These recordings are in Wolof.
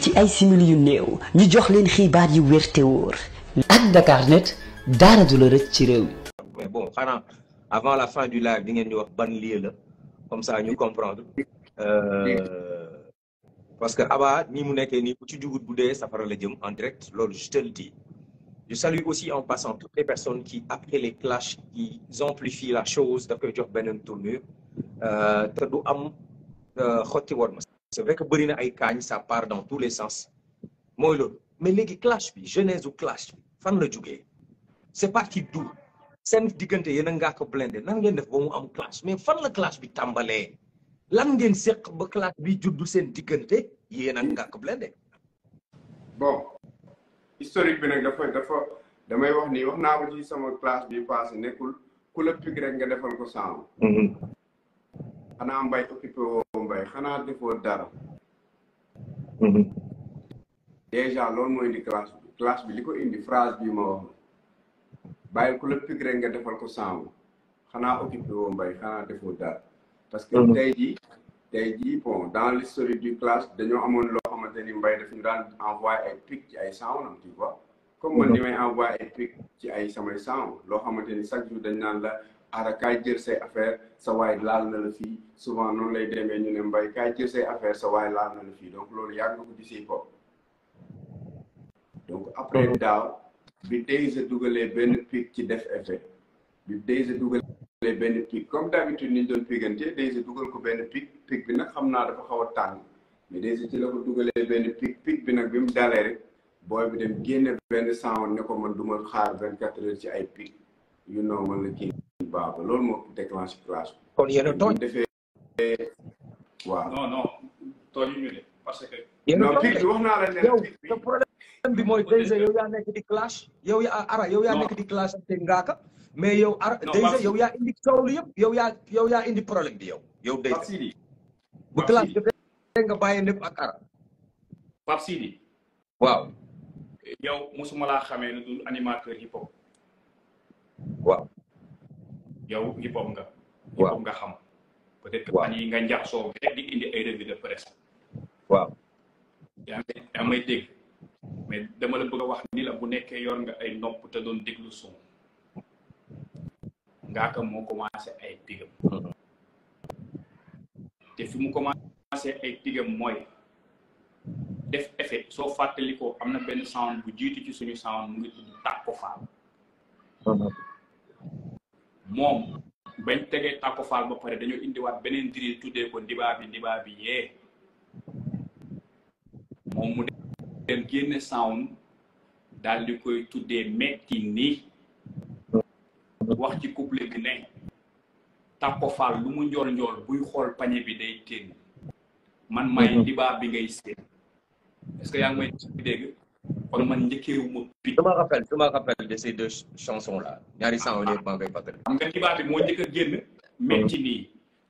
ci ay simili yu néew ñu jox leen xibaar yu wér te wóor. ak Dakar net daara du la rëcc ci réew mi. bon xanaa avant la fin du live di ngeen ñu wax ban lii la comme ça ñu comprendre euh, parce que Aba ni mu nekkee nii ku ci jugut bu dee safara la jëm en direct loolu je te le salue aussi en passant toutes les personnes qui, après les clashs, qui amplifient la chose, d'après Job Benen Tournure, euh, euh c'est vrai que bëri na ay kaañ ça par dans tous les sens mooy loolu mais léegi clash bi genèse ou clash bi fan la jógee c'est parti d'où seen diggante yéen a ngaa ko blindé nan ngeen def ba mu am clash mais fan la clash bi tàmbalee lan ngeen seq ba clash bi judd seen diggante yéen a ngaa ko blindé historique bi nag dafa damay wax ni wax naa ko sama classe bi passé nekkul ku la rek nga defal ko saamu mhm. xanaa mbay occupé mbay xanaa defoo dara. Mhm. dèjà loolu mooy indi classe bi classe li ko indi phrase bi ma wax bàyyi ku la pig rek nga defal ko sàmm xanaa occupé woo mbay xanaa defoo dara. parce que mhm. tey jii tey jii bon dans l'historique du classe dañoo amoon loo xamante ni mbay daf ñu daan envoyé ay pic ci ay sawnam tu vois. comme man mhm. li may envoyé ay ci ay samay sawn loo xamante ni chaque jour dañ naan la. aara kaay jël say affaire sa waay laal na la fii souvent noonu lay demee ñu ne mbay kaay jël say affaire sa waay laal na la fii donc loolu yàgg nga ko di si pop donc après mhm. daaw bi day sa dugalee benn pic ci def effet bi day sa dugalee benn pic comme d'habitude ni ñu doon pigante day sa dugal ko benn pic pic bi nag xam naa dafa xaw a mais day sa ci la ko dugalee benn pic pic bi nag bi mu dalee rek booy bi dem génne benn sound ne ko man du xaar vingt quatre heures ay pic yu normal la kii baax ba loolu moo déclenche classe. kon tooñ parce que. yéen tooñ wax naa la ne yow te problème yaa nekk di clash yow yaa ara yow yaa nekk di clash te ngaaka mais yow ara déjà yaa indi coow yëpp yow yaa yow yaa indi problème bi yow yow déjà bu clash defee nga bàyyi lépp ak ara waaw yow mosuma laa xamee lu dul animateur hip hop waaw yow hip hop nga. waaw hip nga xam. peut-être que fan yi nga njaxasoo rek di indi ay revue de presse. waaw. yaa ngi dama la bëgg a wax ni la bu nekkee yor nga ay nopp te doon déglu son. ngaaka moo commencé ay tigam te fi mu commencé ay tigam mooy def effet soo fàttalikoo am na benn sound bu jiitu ci suñu sound mu ngi tudd tàkko faal moom bañ tegee Tàkko Fall ba pare dañoo indiwaat beneen diri tuddee ko ndibaa bi ndibaa bi yee moom mu dem génne sound daal di koy tuddee metti ni wax ci couple bi ne Tàkko Fall lu mu njool njool buy xool pañe bi day téen man may mhm. ndibaa bi ngay séen est que yaa may dégg kon man njëkkeewuma bi je me rappelle je me rappelle de ces deux chansons là ñaari sang ne nga battre xam nga Libaati moo njëkk a génn hmm. metti nii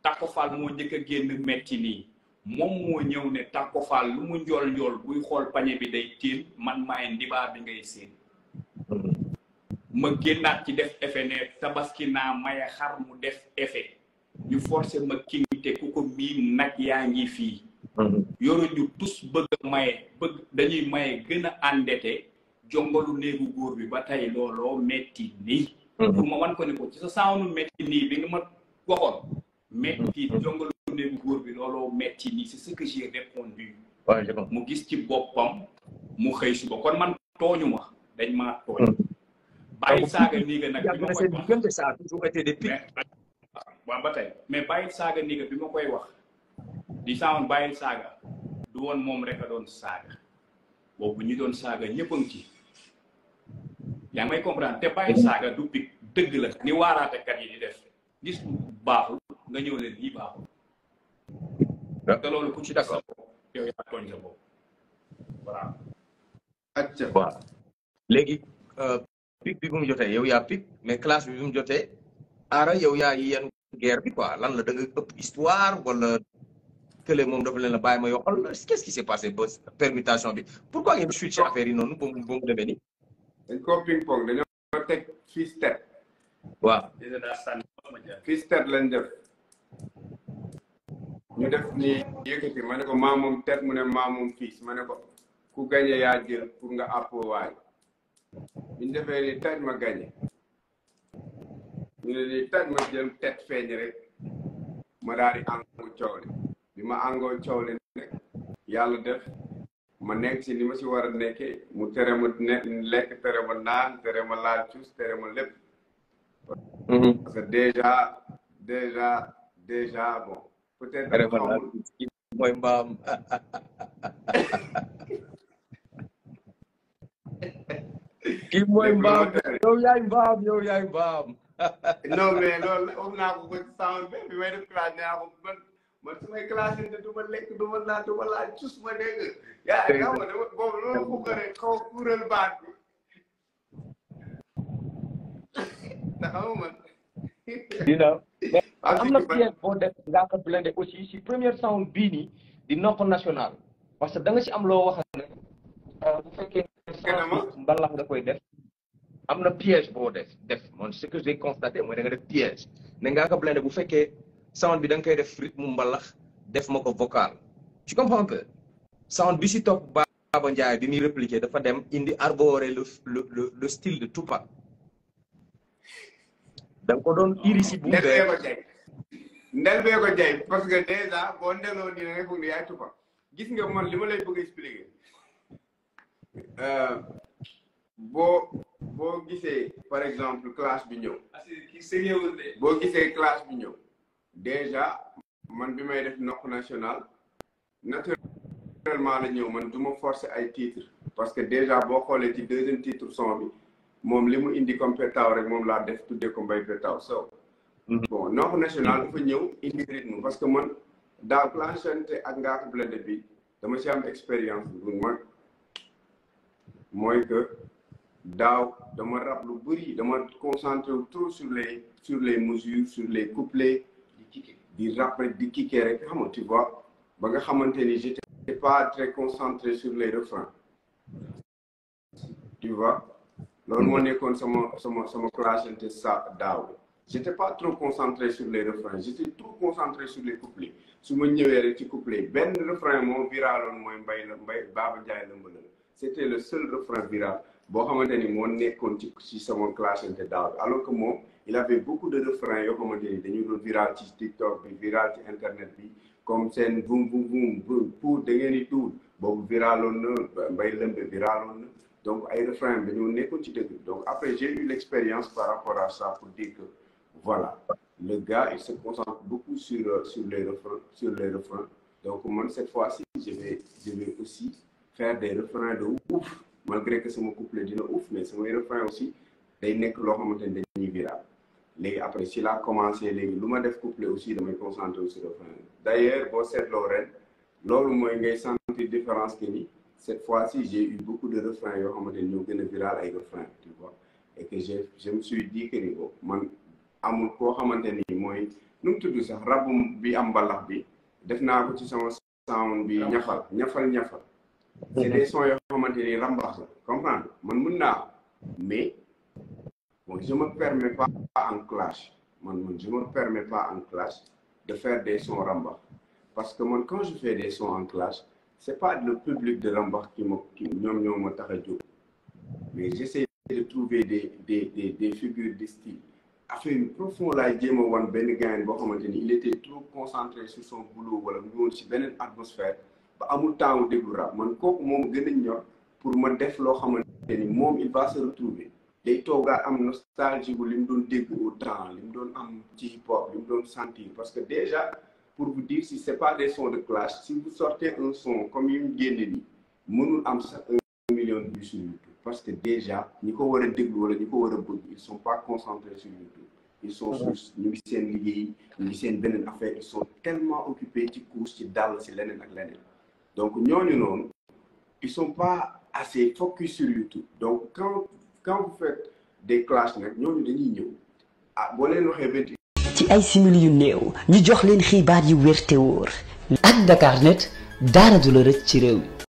Tàkko Fall moo njëkk a génn metti nii moom moo ñëw ne Tàkko Fall lu mu njool njool buy xool pañe bi day tiil man maay ndibaa bi ngay seen hmm. ma génnaat ci def effet ne tabaski naa maye xar mu def effet ñu forcé ma king te ku ko miim nag yaa ngi fii Mm-hmm. yoru ñu tous bëgg a maye bëgg dañuy maye gën a endetté jongalu néegu góor bi ba tey looloo metti nii mm-hmm. pour ma man ko ne ko ci sa saawnu metti nii bi nga ma waxoon metti mm-hmm. jongalu néegu góor bi looloo metti nii c'est ce que j'ai répondu mu gis ci boppam mu xëy suba kon man tooñu ma dañ maa tooñ bàyyi saaga néega nag bi ma koy wax ah, waaw ba tey mais bàyyi saaga néega bi ma koy wax di saawoon bàyyil saaga du woon moom rek a doon saaga boobu ñi doon saaga ñëpp a ngi may comprendre te bàyyil saaga du picc dëgg la ni waaraatekat yi di def gis baaxul nga ñëw leen lii baaxul ah. te loolu ku ci def sa bopp yow yaa tooñ sa bopp euh, bi mu jotee yow yaa pic mais classe bi aara yow yaa yenu guerre bi quoi lan la da nga histoire wala kële moom dafa leen a bàyyi ma yoo xool qu'est-ce qui s'est ba permutation bi pourquoi ngeen suite ci affaire yi noonu ba mu ba mu dañ koo ping pong dañoo teg fii teg. waaw. fii teg lañ def. ñu def nii yëkkati ma ne ko maa moom teg mu ne maa moom fii ma ne ko ku gagné yaa jël pour nga àppoo waay ñu defee nii taj ma gagné ñu ne jël teg feeñ rek ma daal di am bi ma àngoo coow li nekk def ma nekk ci li ma ci war a mu tere ma lekk tere ma naan tere ma laal cuus tere ma lépp mhm. parce que déjà déjà déjà bon peut tere ma laal mooy mbaam kii mooy mbaam yow yaay mbaam yow yaay mbaam non mais loolu wax naa ko ko sama benn bi may def classe naa ko may classé te du ma am na pièce boo def nga ko blende aussi si première sound bii nii di nokk national parce que da nga si am loo wax ne euh, bu fekkee mbalax nga koy def am na piège boo def def man ce que j'ai constaté mooy da def piège ne ngaa ko blende bu fekkee sound bi danga nga koy def rythme mbalax def ma ko vocal tu comprends un peu sound bi si topp Baba Ndiaye bi muy répliquer dafa dem indi arboré le le style de Tupac da ko doon iri si bu ko jay ndel bee ko jay parce que déjà boo ndeloo nii da ngay foog ne yaay Tupac gis nga man li ma lay bëgg expliquer euh, boo boo gisee par exemple classe bi ñëw ah, boo gisee classe bi ñëw déjà man bi may def noq national naturellement la ñëw man du ma forcer ay titre parce que déjà boo xoolee ci deuxième titre son bi moom li mu indi comme Petaw rek moom laa def tuddee ko Mbaye taw Sow mhm. bon noq national dafa ñëw indi rythme parce que man daaw planchante ak Ngaaka Blindé bi dama ci am expérience bu mag mooy que daaw dama rab lu bëri dama concentré trop sur les sur les mesures sur les couplets di rapper rek xam nga tu vois ba nga xamante ni j'étais pas très concentré sur les refrains tu loolu moo nekkoon sama sama sama clashante sa daaw j'étais pas trop concentré sur les refrains j'étais trop concentré sur les couplets su ma ñëwee rek ci couplet benn refrain moo viraloon mooy mbay la mbay Baaba Njaay la mbëla c'était le seul refrain viral boo xamante ni moo nekkoon ci ci sama clashante daaw alors que moom il avait beaucoup de refrains yoo xamante ni dañu doon viral ci TikTok bi viral ci internet bi comme seen boum boum boum pour da ngeen di tuur boobu viraloon na mbay lëmbe viraloon na donc ay refrains dañoo nekkoon ci dëgg donc après j'ai eu l'expérience par rapport à ça pour dire que voilà le gars il se concentre beaucoup sur euh, les refrains donc man cette fois-ci je vais aussi faire des refrains de ouf malgré que sama couplet dina ouf mais samay refrains aussi day nekk loo xamante ni dañuy viral léegi après si la commencé léegi lu ma def couplet aussi damay concentré sur refrain d' ailleurs boo seetloo ren loolu mooy ngay sentir différence que ni cette fois si j'ai eu beaucoup de refrains yoo xamante ñoo gën a viral ay refrains tu vois et que je je me suis dit que ni man amul koo xamante ni mooy nu mu tudd sax rabum bi am mbalax bi def naa ko ci sama sound bi ñafal ñafal ñafal c'est des sons yoo xamante ni rambax la comprendre man mun naa mais bon je me permets pas en clash man man je me permets pas en clash de faire des sons rambax parce que man quand je fais des sons en clash c'est pas le public de rambax qui ma ki ñoom ñoom ma tax a jóg mais j'essaie de trouver des des des des figures de style affaire yu profond laay jéem wan benn gain boo xamante ni il était trop concentré sur son boulot wala mu woon ci beneen atmosphère ba amul temps wu déglu man kooku moom gën a ñor pour ma def loo xamante ni moom il va se day toogaa am nostalgie wu li mu doon dégg au temps li mu doon am ci hip hop li mu doon sentir parce que déjà pour vous dire si c'est pas des sons de clash si vous sortez un son comme yu ñu génne nii mënul am sax un million de vues sur YouTube parce que déjà ñi ko war a déglu wala ñi ko war a bëgg ils sont pas concentrés sur YouTube ils sont sur ñu ngi seen liggéey ñu ngi seen beneen affaire ils sont tellement occupés ci course ci dàll si leneen ak leneen donc ñooñu noonu ils sont pas assez focus sur YouTube donc quand quand vous faites des nag ñooñu dañuy ñëw ah, boo leen waxee vingt ci ay simili yu néew ñu jox leen xibaar yu wér te wóor. ak Dakar net daara rëcc ci réew mi.